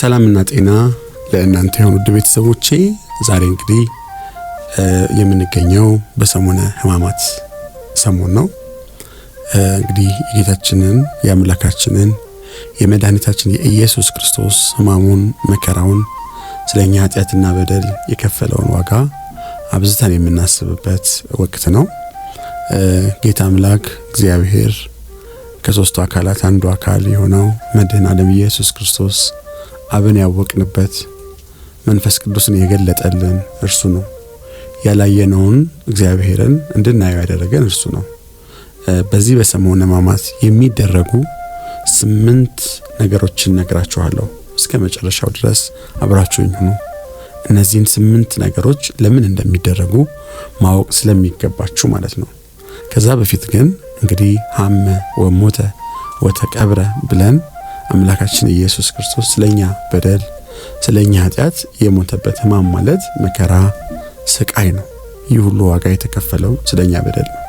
ሰላምና ጤና ለእናንተ የሆኑ ውድ ቤተሰቦቼ፣ ዛሬ እንግዲህ የምንገኘው በሰሞነ ህማማት ሰሞን ነው። እንግዲህ የጌታችንን የአምላካችንን የመድኃኒታችን የኢየሱስ ክርስቶስ ህማሙን መከራውን ስለ እኛ ኃጢአትና በደል የከፈለውን ዋጋ አብዝተን የምናስብበት ወቅት ነው። ጌታ አምላክ እግዚአብሔር ከሶስቱ አካላት አንዱ አካል የሆነው መድህን አለም ኢየሱስ ክርስቶስ አብን ያወቅንበት መንፈስ ቅዱስን የገለጠልን እርሱ ነው። ያላየነውን እግዚአብሔርን እንድናየው ያደረገን እርሱ ነው። በዚህ በሰሞነ ሕማማት የሚደረጉ ስምንት ነገሮችን ነግራችኋለሁ። እስከ መጨረሻው ድረስ አብራችሁኝ ሁኑ። እነዚህን ስምንት ነገሮች ለምን እንደሚደረጉ ማወቅ ስለሚገባችሁ ማለት ነው። ከዛ በፊት ግን እንግዲህ ሀመ ወሞተ ወተቀብረ ብለን አምላካችን ኢየሱስ ክርስቶስ ስለኛ በደል ስለኛ ኃጢአት የሞተበት ሕማም ማለት መከራ፣ ስቃይ ነው። ይህ ሁሉ ዋጋ የተከፈለው ስለኛ በደል ነው።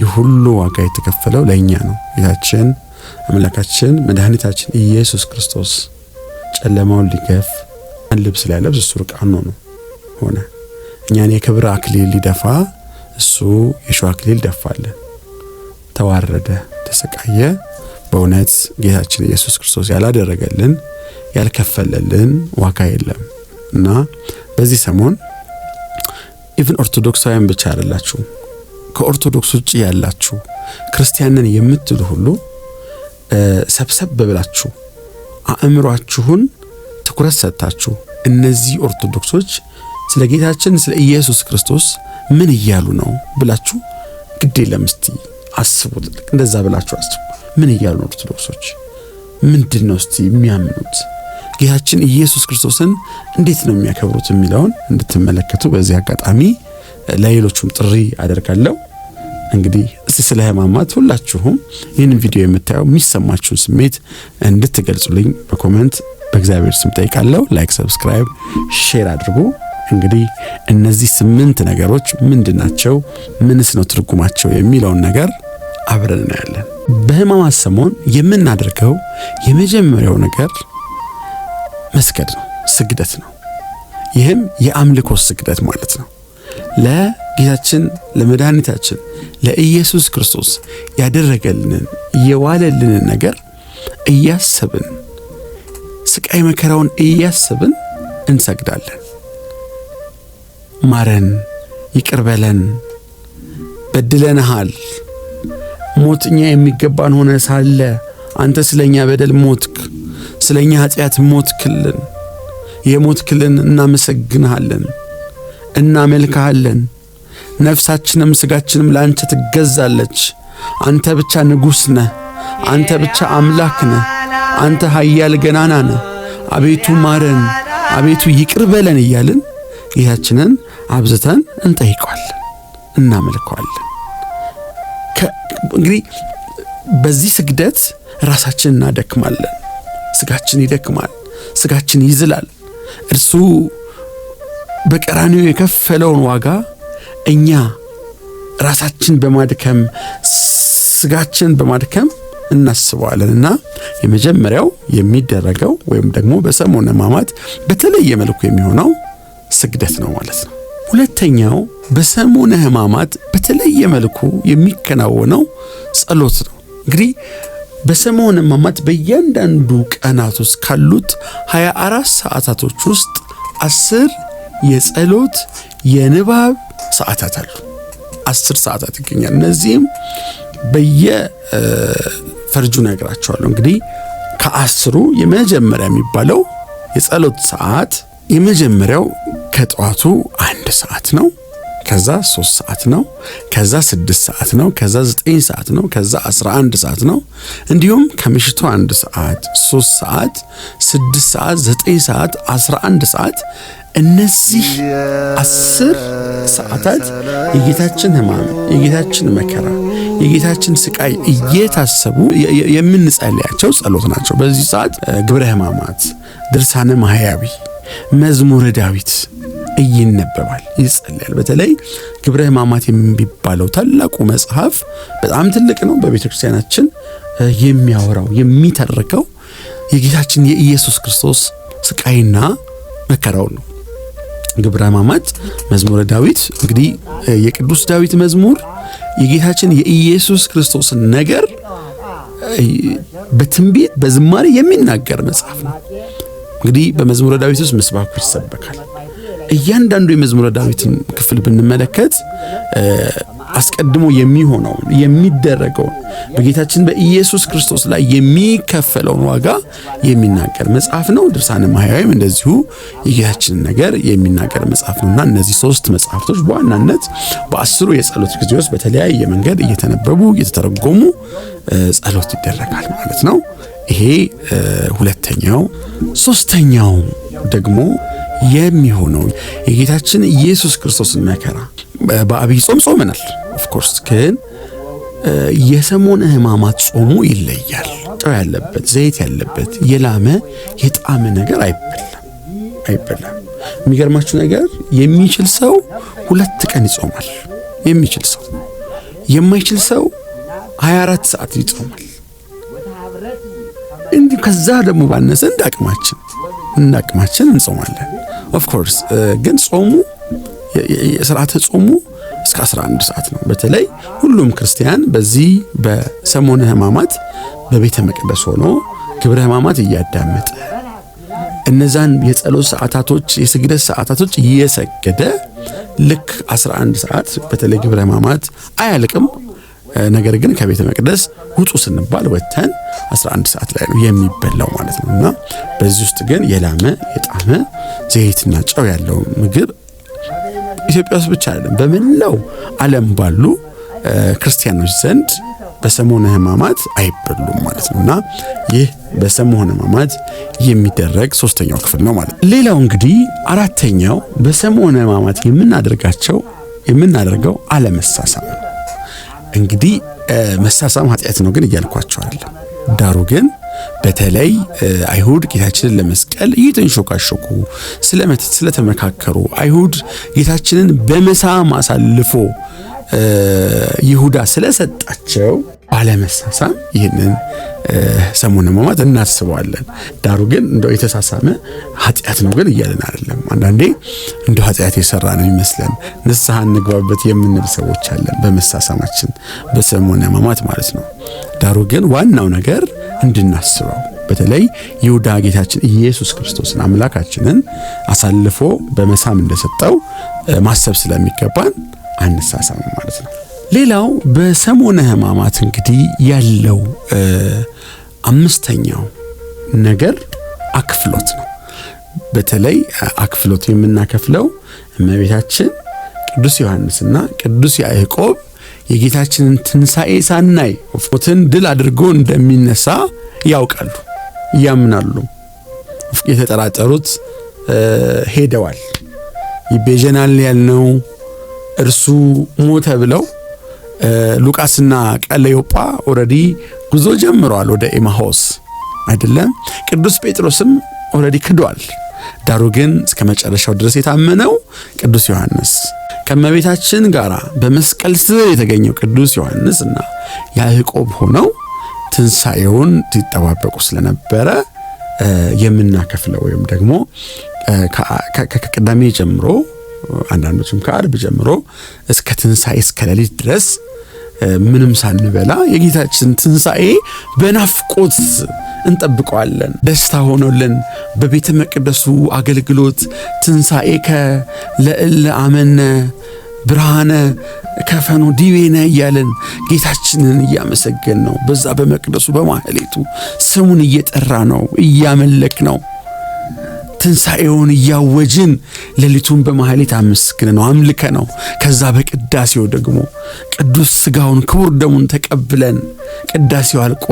ይህ ሁሉ ዋጋ የተከፈለው ለኛ ነው። ጌታችን አምላካችን መድኃኒታችን ኢየሱስ ክርስቶስ ጨለማውን ሊገፍ ልብስ ሊያለብስ እሱ ርቃኑን ነው ሆነ። እኛን የክብር አክሊል ሊደፋ እሱ የሸዋ አክሊል ደፋለን። ተዋረደ፣ ተሰቃየ በእውነት ጌታችን ኢየሱስ ክርስቶስ ያላደረገልን ያልከፈለልን ዋጋ የለም እና በዚህ ሰሞን ኢቭን ኦርቶዶክሳውያን ብቻ አይደላችሁ፣ ከኦርቶዶክስ ውጭ ያላችሁ ክርስቲያንን የምትሉ ሁሉ ሰብሰብ ብላችሁ አእምሯችሁን ትኩረት ሰጥታችሁ እነዚህ ኦርቶዶክሶች ስለ ጌታችን ስለ ኢየሱስ ክርስቶስ ምን እያሉ ነው ብላችሁ ግድ የለም እስቲ አስቡት። እንደዛ ብላችሁ አስቡ። ምን እያሉ ነው ኦርቶዶክሶች? ምንድን ነው እስቲ የሚያምኑት? ጌታችን ኢየሱስ ክርስቶስን እንዴት ነው የሚያከብሩት የሚለውን እንድትመለከቱ በዚህ አጋጣሚ ለሌሎቹም ጥሪ አደርጋለሁ። እንግዲህ እስቲ ስለ ሕማማት ሁላችሁም ይህንን ቪዲዮ የምታየው የሚሰማችሁን ስሜት እንድትገልጹልኝ በኮሜንት በእግዚአብሔር ስም ጠይቃለሁ። ላይክ፣ ሰብስክራይብ፣ ሼር አድርጉ። እንግዲህ እነዚህ ስምንት ነገሮች ናቸው? ምንስ ነው ትርጉማቸው የሚለውን ነገር አብረን እናያለን። በሕማማት ሰሞን የምናደርገው የመጀመሪያው ነገር መስገድ ነው፣ ስግደት ነው። ይህም የአምልኮ ስግደት ማለት ነው። ለጌታችን ለመድኃኒታችን ለኢየሱስ ክርስቶስ ያደረገልንን የዋለልንን ነገር እያሰብን ስቃይ መከራውን እያሰብን እንሰግዳለን። ማረን፣ ይቅር በለን፣ በድለንሃል ሞት እኛ የሚገባን ሆነ ሳለ አንተ ስለኛ በደል ሞትክ፣ ስለኛ ኃጢአት ሞትክልን። የሞትክልን እናመሰግንሃለን፣ እናመልክሃለን። ነፍሳችንም ስጋችንም ለአንተ ትገዛለች። አንተ ብቻ ንጉሥ ነህ። አንተ ብቻ አምላክ ነህ። አንተ ኃያል ገናና ነህ። አቤቱ ማረን፣ አቤቱ ይቅር በለን እያልን ጌታችንን አብዝተን እንጠይቀዋለን፣ እናመልከዋለን። እንግዲህ በዚህ ስግደት ራሳችን እናደክማለን። ስጋችን ይደክማል፣ ስጋችን ይዝላል። እርሱ በቀራኒው የከፈለውን ዋጋ እኛ ራሳችን በማድከም ስጋችን በማድከም እናስበዋለን እና የመጀመሪያው የሚደረገው ወይም ደግሞ በሰሞነ ማማት በተለየ መልኩ የሚሆነው ስግደት ነው ማለት ነው። ሁለተኛው በሰሙነ ሕማማት በተለየ መልኩ የሚከናወነው ጸሎት ነው። እንግዲህ በሰሙነ ሕማማት በእያንዳንዱ ቀናት ውስጥ ካሉት 24 ሰዓታቶች ውስጥ አስር የጸሎት የንባብ ሰዓታት አሉ። አስር ሰዓታት ይገኛል። እነዚህም በየፈርጁ ነግራቸዋለሁ። እንግዲህ ከአስሩ የመጀመሪያ የሚባለው የጸሎት ሰዓት የመጀመሪያው ከጠዋቱ አንድ ሰዓት ነው። ከዛ ሶስት ሰዓት ነው። ከዛ ስድስት ሰዓት ነው። ከዛ ዘጠኝ ሰዓት ነው። ከዛ አስራ አንድ ሰዓት ነው። እንዲሁም ከምሽቱ አንድ ሰዓት፣ ሶስት ሰዓት፣ ስድስት ሰዓት፣ ዘጠኝ ሰዓት፣ አስራ አንድ ሰዓት እነዚህ አስር ሰዓታት የጌታችን ሕማም፣ የጌታችን መከራ፣ የጌታችን ስቃይ እየታሰቡ የምንጸልያቸው ጸሎት ናቸው። በዚህ ሰዓት ግብረ ሕማማት፣ ድርሳነ ማህያዊ መዝሙረ ዳዊት እይነበባል ይጸለያል። በተለይ ግብረ ሕማማት የሚባለው ታላቁ መጽሐፍ በጣም ትልቅ ነው። በቤተ ክርስቲያናችን የሚያወራው የሚተርከው የጌታችን የኢየሱስ ክርስቶስ ስቃይና መከራው ነው። ግብረ ሕማማት መዝሙረ ዳዊት እንግዲህ የቅዱስ ዳዊት መዝሙር የጌታችን የኢየሱስ ክርስቶስን ነገር በትንቢት በዝማሬ የሚናገር መጽሐፍ ነው። እንግዲህ በመዝሙረ ዳዊት ውስጥ ምስባኩ ይሰበካል። እያንዳንዱ የመዝሙረ ዳዊትን ክፍል ብንመለከት አስቀድሞ የሚሆነውን የሚደረገውን በጌታችን በኢየሱስ ክርስቶስ ላይ የሚከፈለውን ዋጋ የሚናገር መጽሐፍ ነው። ድርሳነ ማህያዊም እንደዚሁ የጌታችንን ነገር የሚናገር መጽሐፍ ነውና እነዚህ ሶስት መጽሐፍቶች በዋናነት በአስሩ የጸሎት ጊዜዎች በተለያየ መንገድ እየተነበቡ እየተተረጎሙ ጸሎት ይደረጋል ማለት ነው። ይሄ ሁለተኛው። ሶስተኛው ደግሞ የሚሆነው የጌታችን ኢየሱስ ክርስቶስን መከራ በአብይ ጾም ጾመናል። ኦፍኮርስ ግን የሰሞን ህማማት ጾሙ ይለያል። ጨው ያለበት ዘይት ያለበት የላመ የጣመ ነገር አይበላም አይበላም። የሚገርማችሁ ነገር የሚችል ሰው ሁለት ቀን ይጾማል። የሚችል ሰው የማይችል ሰው 24 ሰዓት ይጾማል። ከዛ ደግሞ ባነሰ እንዳቅማችን እንዳቅማችን እንጾማለን። ኦፍኮርስ ግን ጾሙ የስርዓተ ጾሙ እስከ 11 ሰዓት ነው። በተለይ ሁሉም ክርስቲያን በዚህ በሰሞነ ሕማማት በቤተ መቅደስ ሆኖ ግብረ ሕማማት እያዳመጠ እነዛን የጸሎት ሰዓታቶች፣ የስግደት ሰዓታቶች እየሰገደ ልክ 11 ሰዓት በተለይ ግብረ ሕማማት አያልቅም ነገር ግን ከቤተ መቅደስ ውጡ ስንባል ወጥተን 11 ሰዓት ላይ ነው የሚበላው ማለት ነው። እና በዚህ ውስጥ ግን የላመ የጣመ ዘይትና ጨው ያለው ምግብ ኢትዮጵያ ውስጥ ብቻ አይደለም በመላው ዓለም ባሉ ክርስቲያኖች ዘንድ በሰሞነ ህማማት አይበሉም ማለት ነው እና ይህ በሰሞነ ህማማት የሚደረግ ሶስተኛው ክፍል ነው ማለት ነው። ሌላው እንግዲህ አራተኛው በሰሞነ ህማማት የምናደርጋቸው የምናደርገው አለመሳሳም እንግዲህ መሳሳም ኃጢአት ነው ግን እያልኳቸው አይደለም። ዳሩ ግን በተለይ አይሁድ ጌታችንን ለመስቀል እየተንሾካሾኩ ስለተመካከሩ አይሁድ ጌታችንን በመሳም አሳልፎ ይሁዳ ስለሰጣቸው ባለመሳሳም ይህንን ሰሙነ ሕማማት እናስበዋለን። ዳሩ ግን እንደው የተሳሳመ ኃጢአት ነው ግን እያለን አይደለም። አንዳንዴ እንደ ኃጢአት የሰራ ነው ይመስለን ንስሐ እንግባበት የምንል ሰዎች አለን፣ በመሳሳማችን በሰሙነ ሕማማት ማለት ነው። ዳሩ ግን ዋናው ነገር እንድናስበው በተለይ ይሁዳ ጌታችን ኢየሱስ ክርስቶስን አምላካችንን አሳልፎ በመሳም እንደሰጠው ማሰብ ስለሚገባን አንሳሳም ማለት ነው። ሌላው በሰሞነ ሕማማት እንግዲህ ያለው አምስተኛው ነገር አክፍሎት ነው። በተለይ አክፍሎት የምናከፍለው እመቤታችን ቅዱስ ዮሐንስና ቅዱስ ያዕቆብ የጌታችንን ትንሣኤ ሳናይ ሞትን ድል አድርጎ እንደሚነሳ ያውቃሉ፣ ያምናሉ። የተጠራጠሩት ሄደዋል። ይቤዠናል ያልነው እርሱ ሞተ ብለው ሉቃስና ቀለዮጳ ኦልሬዲ ጉዞ ጀምረዋል ወደ ኤማሆስ አይደለም። ቅዱስ ጴጥሮስም ኦልሬዲ ክዷል። ዳሩ ግን እስከ መጨረሻው ድረስ የታመነው ቅዱስ ዮሐንስ ከመቤታችን ጋር በመስቀል ስር የተገኘው ቅዱስ ዮሐንስ እና ያዕቆብ ሆነው ትንሣኤውን ሲጠባበቁ ስለነበረ የምናከፍለው ወይም ደግሞ ከቅዳሜ ጀምሮ አንዳንዶችም ከአርብ ጀምሮ እስከ ትንሣኤ እስከ ሌሊት ድረስ ምንም ሳንበላ የጌታችን ትንሣኤ በናፍቆት እንጠብቀዋለን። ደስታ ሆኖልን በቤተ መቅደሱ አገልግሎት ትንሣኤ ከለዕለ አመነ ብርሃነ ከፈኖ ዲቤነ እያለን ጌታችንን እያመሰገን ነው። በዛ በመቅደሱ በማህሌቱ ስሙን እየጠራ ነው፣ እያመለክ ነው። ትንሣኤውን እያወጅን ሌሊቱን በማህሌት አመስግን ነው አምልከ ነው። ከዛ በቅዳሴው ደግሞ ቅዱስ ሥጋውን ክቡር ደሙን ተቀብለን ቅዳሴው አልቆ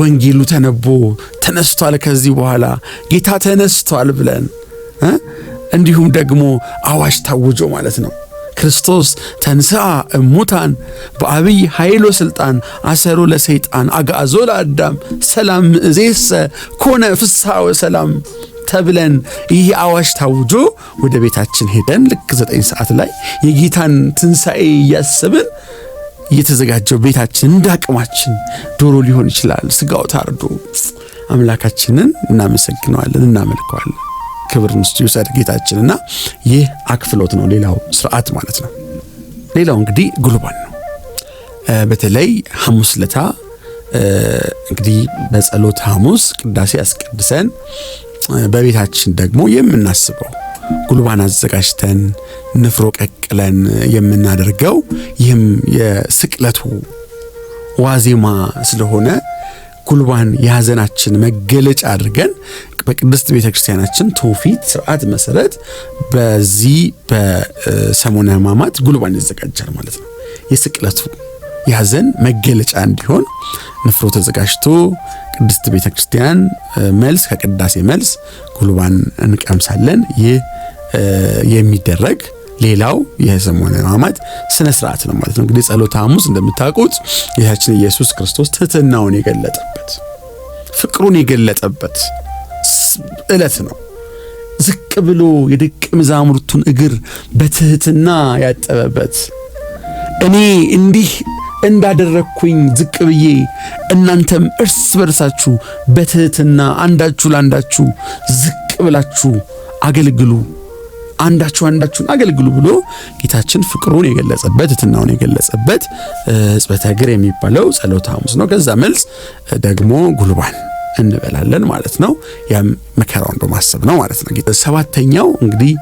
ወንጌሉ ተነቦ ተነስቷል፣ ከዚህ በኋላ ጌታ ተነስቷል ብለን እንዲሁም ደግሞ አዋጅ ታውጆ ማለት ነው ክርስቶስ ተንሥአ እሙታን በአብይ ኃይሎ ሥልጣን አሰሮ ለሰይጣን አግዓዞ ለአዳም ሰላም እዜሰ ኮነ ፍስሐ ወሰላም ተብለን ይህ አዋጅ ታውጆ ወደ ቤታችን ሄደን ልክ ዘጠኝ ሰዓት ላይ የጌታን ትንሣኤ እያሰብን እየተዘጋጀው ቤታችን እንዳቅማችን ዶሮ ሊሆን ይችላል፣ ስጋው ታርዶ አምላካችንን እናመሰግነዋለን፣ እናመልከዋለን። ክብርን ይውሰድ ጌታችን እና ይህ አክፍሎት ነው። ሌላው ስርዓት ማለት ነው። ሌላው እንግዲህ ጉልባን ነው። በተለይ ሐሙስ ለታ እንግዲህ በጸሎት ሐሙስ ቅዳሴ አስቀድሰን በቤታችን ደግሞ የምናስበው ጉልባን አዘጋጅተን ንፍሮ ቀቅለን የምናደርገው ይህም የስቅለቱ ዋዜማ ስለሆነ ጉልባን የሐዘናችን መገለጫ አድርገን በቅድስት ቤተ ክርስቲያናችን ትውፊት ስርዓት መሰረት በዚህ በሰሙነ ሕማማት ጉልባን ይዘጋጃል ማለት ነው። የስቅለቱ የሐዘን መገለጫ እንዲሆን ንፍሮ ተዘጋጅቶ ቅድስት ቤተ ክርስቲያን መልስ ከቅዳሴ መልስ ጉልባን እንቀምሳለን። ይህ የሚደረግ ሌላው የሰሙነ ሕማማት ስነ ስርዓት ነው ማለት ነው። እንግዲህ ጸሎተ ሐሙስ እንደምታውቁት ጌታችን ኢየሱስ ክርስቶስ ትህትናውን የገለጠ ፍቅሩን የገለጠበት ዕለት ነው። ዝቅ ብሎ የደቀ መዛሙርቱን እግር በትህትና ያጠበበት እኔ እንዲህ እንዳደረግኩኝ ዝቅ ብዬ እናንተም እርስ በርሳችሁ በትህትና አንዳችሁ ለአንዳችሁ ዝቅ ብላችሁ አገልግሉ አንዳችሁ አንዳችሁን አገልግሉ ብሎ ጌታችን ፍቅሩን የገለጸበት እትናውን የገለጸበት ሕጽበተ እግር የሚባለው ጸሎተ ሐሙስ ነው። ከዛ መልስ ደግሞ ጉልባን እንበላለን ማለት ነው። ያም መከራውን በማሰብ ነው ማለት ነው። ሰባተኛው እንግዲህ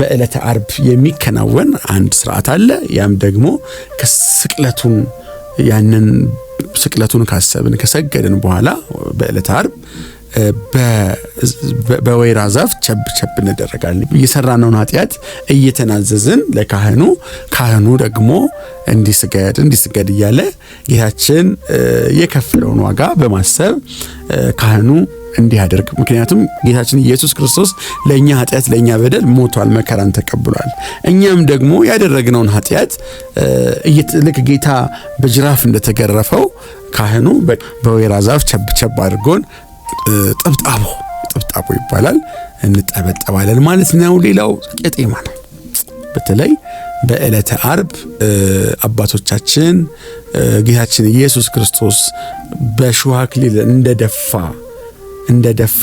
በዕለተ አርብ የሚከናወን አንድ ስርዓት አለ። ያም ደግሞ ከስቅለቱን ያንን ስቅለቱን ካሰብን ከሰገድን በኋላ በዕለተ አርብ በወይራ ዛፍ ቸብ ቸብ እንደረጋለን። የሰራነውን ኃጢአት እየተናዘዝን ለካህኑ ካህኑ ደግሞ እንዲስገድ እንዲስገድ እያለ ጌታችን የከፈለውን ዋጋ በማሰብ ካህኑ እንዲያደርግ ምክንያቱም ጌታችን ኢየሱስ ክርስቶስ ለእኛ ኃጢአት ለእኛ በደል ሞቷል፣ መከራን ተቀብሏል። እኛም ደግሞ ያደረግነውን ኃጢአት ልክ ጌታ በጅራፍ እንደተገረፈው ካህኑ በወይራ ዛፍ ቸብ ቸብ አድርጎን ጠብጣቦ ይባላል። እንጠበጠባለን ማለት ነው። ሌላው ቄጤማ ነው። በተለይ በዕለተ አርብ አባቶቻችን ጌታችን ኢየሱስ ክርስቶስ በእሾህ እንደደፋ እንደደፋ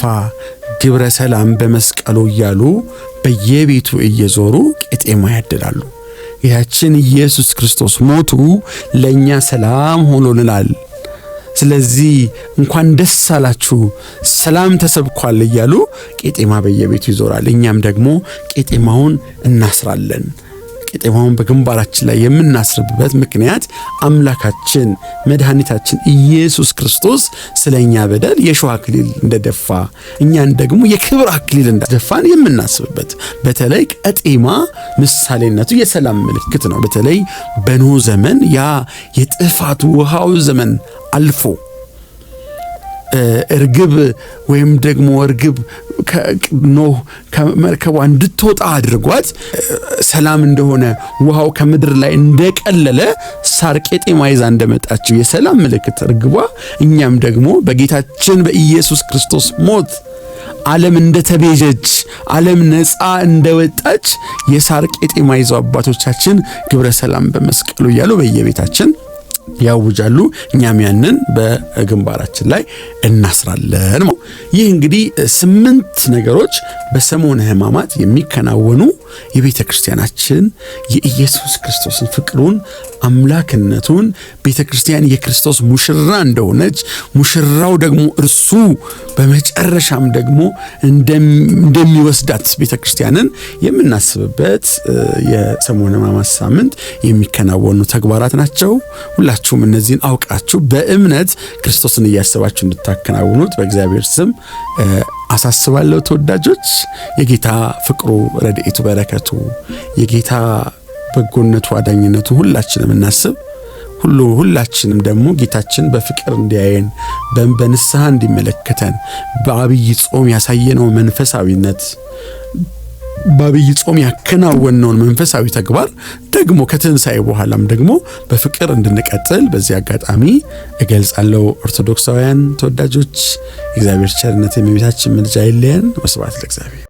ግብረ ሰላም በመስቀሉ እያሉ በየቤቱ እየዞሩ ቄጤማ ያደላሉ ጌታችን ኢየሱስ ክርስቶስ ሞቱ ለእኛ ሰላም ሆኖልናል ስለዚህ እንኳን ደስ አላችሁ ሰላም ተሰብኳል እያሉ ቄጤማ በየቤቱ ይዞራል። እኛም ደግሞ ቄጤማውን እናስራለን። ቄጤማውን በግንባራችን ላይ የምናስርብበት ምክንያት አምላካችን መድኃኒታችን ኢየሱስ ክርስቶስ ስለ እኛ በደል የሸዋ አክሊል እንደደፋ እኛን ደግሞ የክብር አክሊል እንደደፋን የምናስብበት በተለይ ቀጤማ ምሳሌነቱ የሰላም ምልክት ነው። በተለይ በኖ ዘመን ያ የጥፋት ውሃው ዘመን አልፎ እርግብ ወይም ደግሞ እርግብ ኖህ ከመርከቧ እንድትወጣ አድርጓት ሰላም እንደሆነ ውሃው ከምድር ላይ እንደቀለለ ሳር ማይዛ እንደመጣችው የሰላም ምልክት እርግቧ፣ እኛም ደግሞ በጌታችን በኢየሱስ ክርስቶስ ሞት ዓለም እንደተቤዠች ዓለም ነፃ እንደወጣች የሳር ማይዛው አባቶቻችን ግብረ ሰላም በመስቀሉ እያሉ በየቤታችን ያውጃሉ። እኛም ያንን በግንባራችን ላይ እናስራለን ይህ እንግዲህ ስምንት ነገሮች በሰሙነ ህማማት የሚከናወኑ የቤተ ክርስቲያናችን የኢየሱስ ክርስቶስን ፍቅሩን፣ አምላክነቱን ቤተ ክርስቲያን የክርስቶስ ሙሽራ እንደሆነች ሙሽራው ደግሞ እርሱ በመጨረሻም ደግሞ እንደሚወስዳት ቤተ ክርስቲያንን የምናስብበት የሰሙነ ሕማማት ሳምንት የሚከናወኑ ተግባራት ናቸው። ሁላችሁም እነዚህን አውቃችሁ በእምነት ክርስቶስን እያሰባችሁ እንድታከናውኑት በእግዚአብሔር ስም አሳስባለሁ። ተወዳጆች የጌታ ፍቅሩ፣ ረድኤቱ፣ በረከቱ የጌታ በጎነቱ፣ አዳኝነቱ ሁላችንም እናስብ ሁሉ ሁላችንም ደግሞ ጌታችን በፍቅር እንዲያየን በንስሐ እንዲመለከተን በአብይ ጾም ያሳየነው መንፈሳዊነት በአብይ ጾም ያከናወነውን መንፈሳዊ ተግባር ደግሞ ከትንሣኤ በኋላም ደግሞ በፍቅር እንድንቀጥል በዚህ አጋጣሚ እገልጻለሁ። ኦርቶዶክሳውያን ተወዳጆች፣ እግዚአብሔር ቸርነት የእመቤታችን ምልጃ አይለየን። ወስብሐት ለእግዚአብሔር።